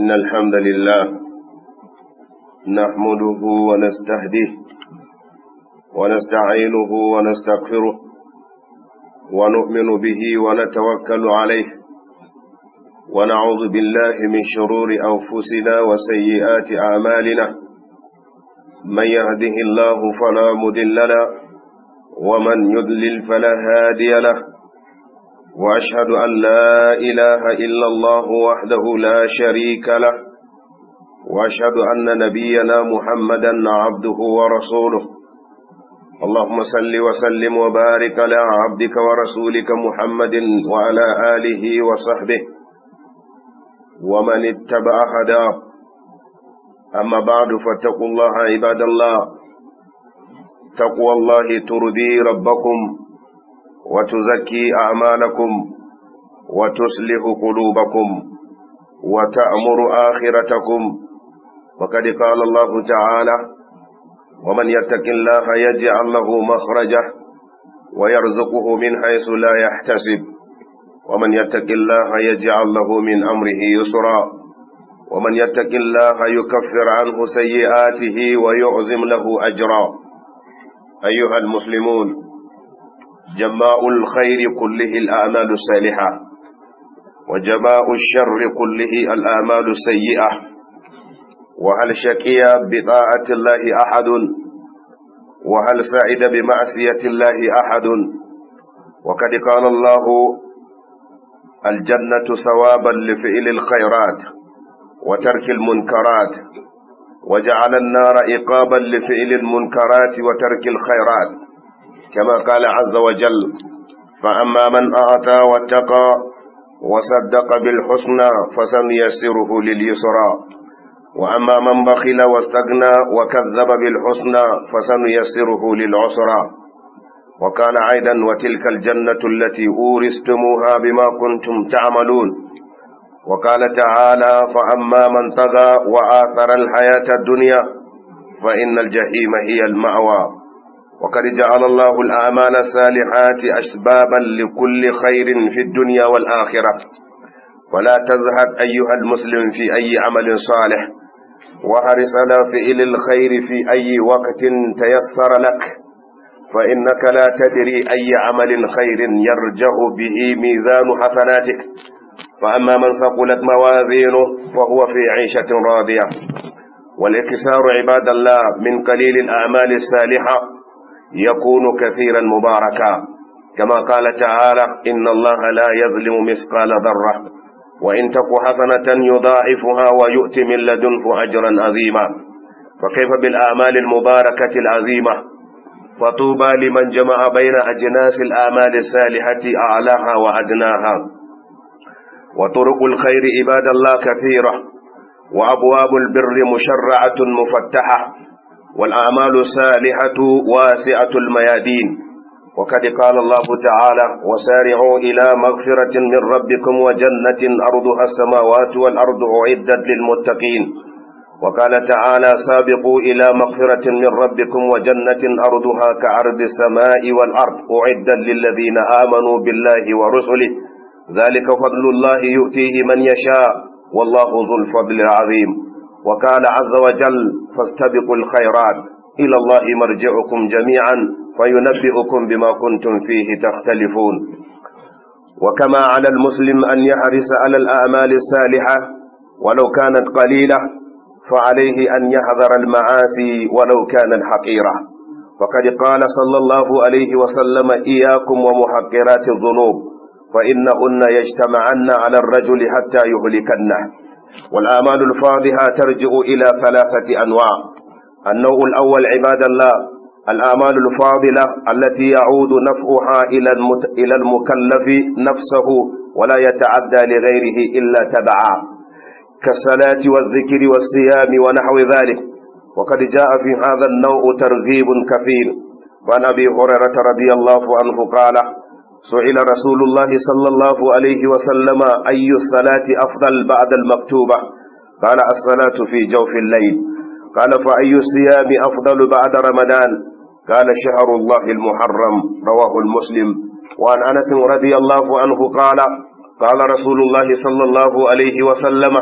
إن الحمد لله نحمده ونستهديه ونستعينه ونستغفره ونؤمن به ونتوكل عليه ونعوذ بالله من شرور أنفسنا وسيئات أعمالنا من يهده الله فلا مذل له ومن يذلل فلا هادي له وأشهد أن لا إله إلا الله وحده لا شريك له وأشهد أن نبينا محمدا عبده ورسوله اللهم صل وسلم وبارك على عبدك ورسولك محمد وعلى آله وصحبه ومن اتبع هداه أما بعد فاتقوا الله عباد الله تقوى الله ترضي ربكم وتزكي أعمالكم وتصلح قلوبكم وتأمر آخرتكم وقد قال الله تعالى ومن يتق الله يجعل له مخرجه ويرزقه من حيث لا يحتسب ومن يتق الله يجعل له من أمره يسرا ومن يتق الله يكفر عنه سيئاته ويعظم له أجرا أيها المسلمون جماء الخير كله الأعمال السالحة وجماء الشر كله الأعمال السيئة وهل شكي بطاعة الله أحد وهل سعد بمعصية الله أحد وقد قال الله الجنة ثوابا لفعل الخيرات وترك المنكرات وجعل النار إقابا لفعل المنكرات وترك الخيرات كما قال عز وجل فأما من أعطى واتقى وصدق بالحسنى فسنيسره لليسرى وأما من بخل واستغنى وكذب بالحسنى فسنيسره للعسرى وقال أيضا وتلك الجنة التي أورثتموها بما كنتم تعملون وقال تعالى فأما من طغى وآثر الحياة الدنيا فإن الجحيم هي المأوى وقد جعل الله الأعمال الصالحات أسبابا لكل خير في الدنيا والآخرة ولا تذهب أيها المسلم في أي عمل صالح وحرص على فعل الخير في أي وقت تيسر لك فإنك لا تدري أي عمل خير يرجع به ميزان حسناتك فأما من ثقلت موازينه فهو في عيشة راضية والإكسار عباد الله من قليل الأعمال الصالحة يكون كثيرا مباركا كما قال تعالى إن الله لا يظلم مثقال ذرة وإن تك حسنة يضاعفها ويؤتي من لدنه أجرا عظيما فكيف بالآمال المباركة العظيمة فطوبى لمن جمع بين أجناس الآمال الصالحة أعلاها وأدناها وطرق الخير عباد الله كثيرة وأبواب البر مشرعة مفتحة والأعمال الصالحة واسعة الميادين وقد قال الله تعالى وسارعوا إلى مغفرة من ربكم وجنة أرضها السماوات والأرض أعدت للمتقين وقال تعالى سابقوا إلى مغفرة من ربكم وجنة أرضها كعرض السماء والأرض أعدت للذين آمنوا بالله ورسله ذلك فضل الله يؤتيه من يشاء والله ذو الفضل العظيم وقال عز وجل فاستبقوا الخيرات إلى الله مرجعكم جميعا فينبئكم بما كنتم فيه تختلفون وكما على المسلم أن يحرص على الأعمال السالحة ولو كانت قليلة فعليه أن يحذر المعاصي ولو كانت حقيرة وقد قال صلى الله عليه وسلم إياكم ومحقرات الذنوب فإنهن يجتمعن على الرجل حتى يهلكنه والآمال الفاضحة ترجع إلى ثلاثة أنواع النوع الأول عباد الله الآمال الفاضلة التي يعود نفعها إلى المكلف نفسه ولا يتعدى لغيره إلا تبعا كالصلاة والذكر والصيام ونحو ذلك وقد جاء في هذا النوع ترغيب كثير وعن أبي هريرة رضي الله عنه قال سئل رسول الله صلى الله عليه وسلم أي الصلاة أفضل بعد المكتوبة قال الصلاة في جوف الليل قال فأي الصيام أفضل بعد رمضان قال شهر الله المحرم رواه المسلم وعن أنس رضي الله عنه قال قال رسول الله صلى الله عليه وسلم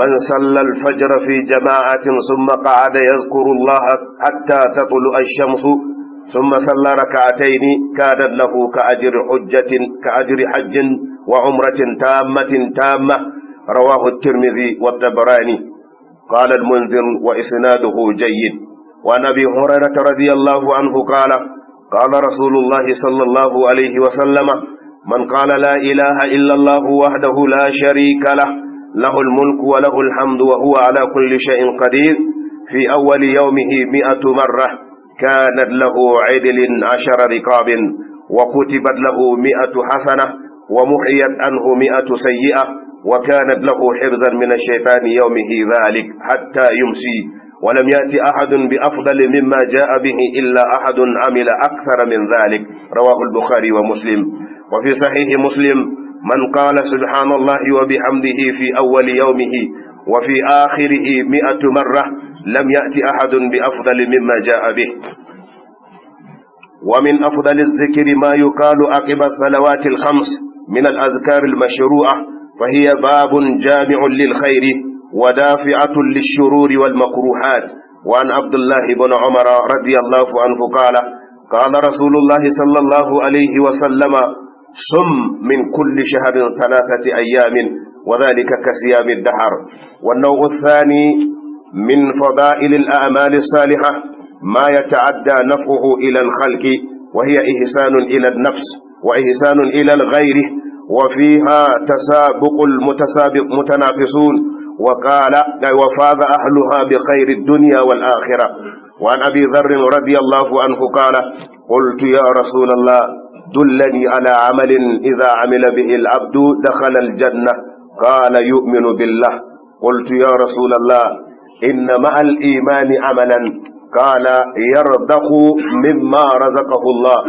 من صلى الفجر في جماعة ثم قعد يذكر الله حتى تطلع الشمس ثم صلى ركعتين كانت له كأجر حجة كأجر حج وعمرة تامة تامة رواه الترمذي والطبراني قال المنذر وإسناده جيد وعن أبي هريرة رضي الله عنه قال قال رسول الله صلى الله عليه وسلم من قال لا إله إلا الله وحده لا شريك له له الملك وله الحمد وهو على كل شيء قدير في أول يومه مئة مرة كانت له عدل عشر رقاب وكتبت له مئة حسنة ومحيت عنه مئة سيئة وكانت له حرزا من الشيطان يومه ذلك حتى يمسي ولم يأتي أحد بأفضل مما جاء به إلا أحد عمل أكثر من ذلك رواه البخاري ومسلم وفي صحيح مسلم من قال سبحان الله وبحمده في أول يومه وفي آخره مئة مرة لم يأتي أحد بأفضل مما جاء به ومن أفضل الذكر ما يقال عقب الصلوات الخمس من الأذكار المشروعة فهي باب جامع للخير ودافعة للشرور والمكروهات وعن عبد الله بن عمر رضي الله عنه قال قال رسول الله صلى الله عليه وسلم صم من كل شهر ثلاثة أيام وذلك كصيام الدهر والنوع الثاني من فضائل الأعمال الصالحة ما يتعدى نفعه إلى الخلق وهي إحسان إلى النفس وإحسان إلى الغير وفيها تسابق المتسابق متنافسون وقال وفاض أهلها بخير الدنيا والآخرة وعن أبي ذر رضي الله عنه قال قلت يا رسول الله دلني على عمل إذا عمل به العبد دخل الجنة قال يؤمن بالله قلت يا رسول الله إن مع الإيمان عملا قال يرزق مما رزقه الله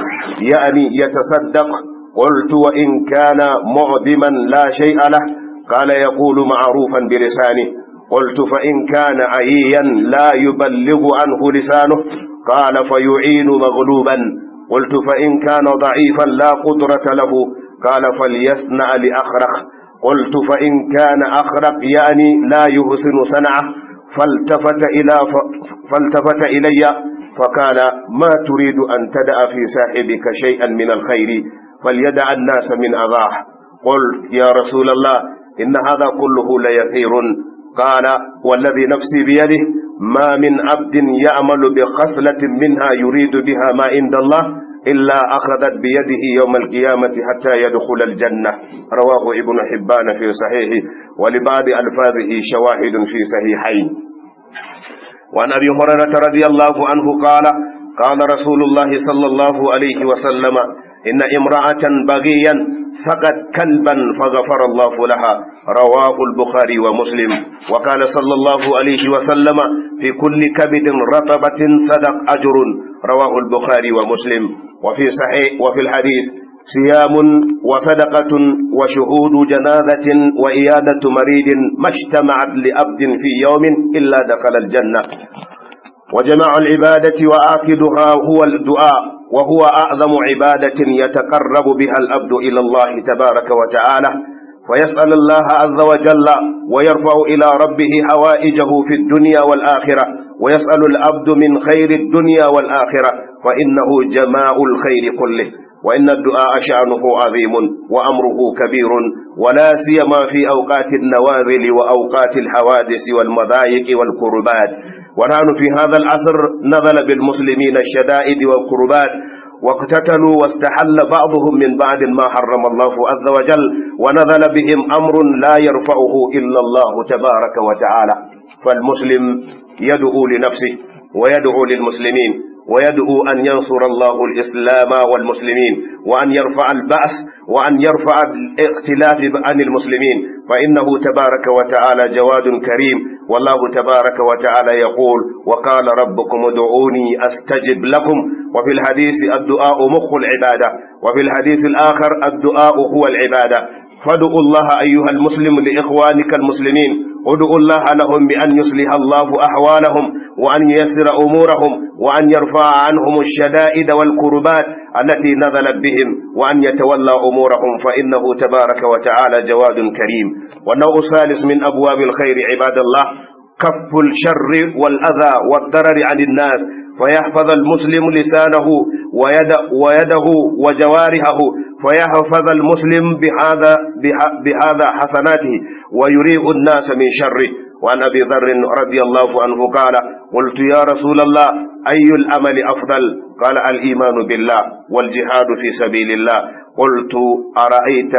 يعني يتصدق قلت وإن كان معدما لا شيء له قال يقول معروفا بلسانه قلت فإن كان عييا لا يبلغ عنه لسانه قال فيعين مغلوبا قلت فإن كان ضعيفا لا قدرة له قال فليصنع لأخرق قلت فإن كان أخرق يعني لا يحسن صنعه فالتفت إلى فالتفت إلي فقال ما تريد أن تدع في صاحبك شيئا من الخير فليدع الناس من أضاح قلت يا رسول الله إن هذا كله ليثير قال والذي نفسي بيده ما من عبد يعمل بخصلة منها يريد بها ما عند الله إلا أخذت بيده يوم القيامة حتى يدخل الجنة رواه ابن حبان في صحيحه ولبعض ألفاظه شواهد في صحيحين وعن أبي هريرة رضي الله عنه قال قال رسول الله صلى الله عليه وسلم إن امرأة بغيا سقت كلبا فغفر الله لها رواه البخاري ومسلم وقال صلى الله عليه وسلم في كل كبد رطبة صدق أجر رواه البخاري ومسلم وفي صحيح وفي الحديث صيام وصدقة وشهود جنازة وإيادة مريض ما اجتمعت لأبد في يوم إلا دخل الجنة وجماع العبادة وآخذها هو الدعاء وهو أعظم عبادة يتقرب بها الأبد إلى الله تبارك وتعالى ويسأل الله عز وجل ويرفع إلى ربه حوائجه في الدنيا والآخرة ويسأل العبد من خير الدنيا والآخرة فإنه جماع الخير كله وإن الدعاء شأنه عظيم وأمره كبير ولا سيما في أوقات النوازل وأوقات الحوادث والمضايق والكربات ونحن في هذا العصر نزل بالمسلمين الشدائد والكربات واقتتلوا واستحل بعضهم من بعد ما حرم الله عز وجل ونزل بهم أمر لا يرفعه إلا الله تبارك وتعالى فالمسلم يدعو لنفسه ويدعو للمسلمين ويدعو أن ينصر الله الإسلام والمسلمين وأن يرفع البأس وأن يرفع الاختلاف عن المسلمين فإنه تبارك وتعالى جواد كريم والله تبارك وتعالى يقول وقال ربكم ادعوني أستجب لكم وفي الحديث الدعاء مخ العبادة وفي الحديث الآخر الدعاء هو العبادة فادعوا الله أيها المسلم لإخوانك المسلمين ادعوا الله لهم بأن يصلح الله أحوالهم وأن ييسر أمورهم وأن يرفع عنهم الشدائد والكربات التي نزلت بهم وأن يتولى أمورهم فإنه تبارك وتعالى جواد كريم والنوع الثالث من أبواب الخير عباد الله كف الشر والأذى والضرر عن الناس فيحفظ المسلم لسانه ويده, ويده وجوارحه فيحفظ المسلم بهذا بهذا حسناته ويريء الناس من شره وعن أبي ذر رضي الله عنه قال قلت يا رسول الله أي الأمل أفضل قال الإيمان بالله والجهاد في سبيل الله قلت أرأيت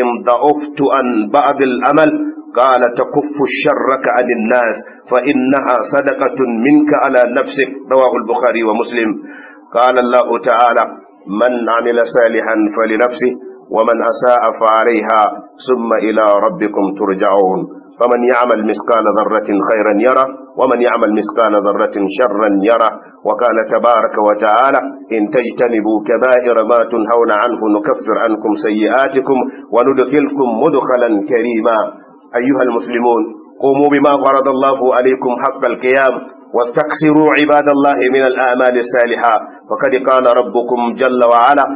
إن ضعفت عن بعض الأمل قال تكف شرك عن الناس فإنها صدقة منك على نفسك رواه البخاري ومسلم قال الله تعالى من عمل صالحا فلنفسه ومن أساء فعليها ثم إلى ربكم ترجعون فمن يعمل مثقال ذرة خيرا يره ومن يعمل مثقال ذرة شرا يره وقال تبارك وتعالى إن تجتنبوا كبائر ما تنهون عنه نكفر عنكم سيئاتكم وندخلكم مدخلا كريما أيها المسلمون قوموا بما فرض الله عليكم حق القيام واستكثروا عباد الله من الأعمال الصالحة وقد قال ربكم جل وعلا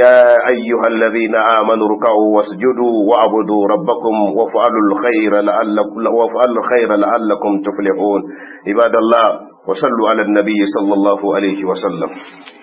يا أيها الذين آمنوا اركعوا واسجدوا واعبدوا ربكم وافعلوا الخير لعلكم وفعلوا الخير لعلكم تفلحون عباد الله وصلوا على النبي صلى الله عليه وسلم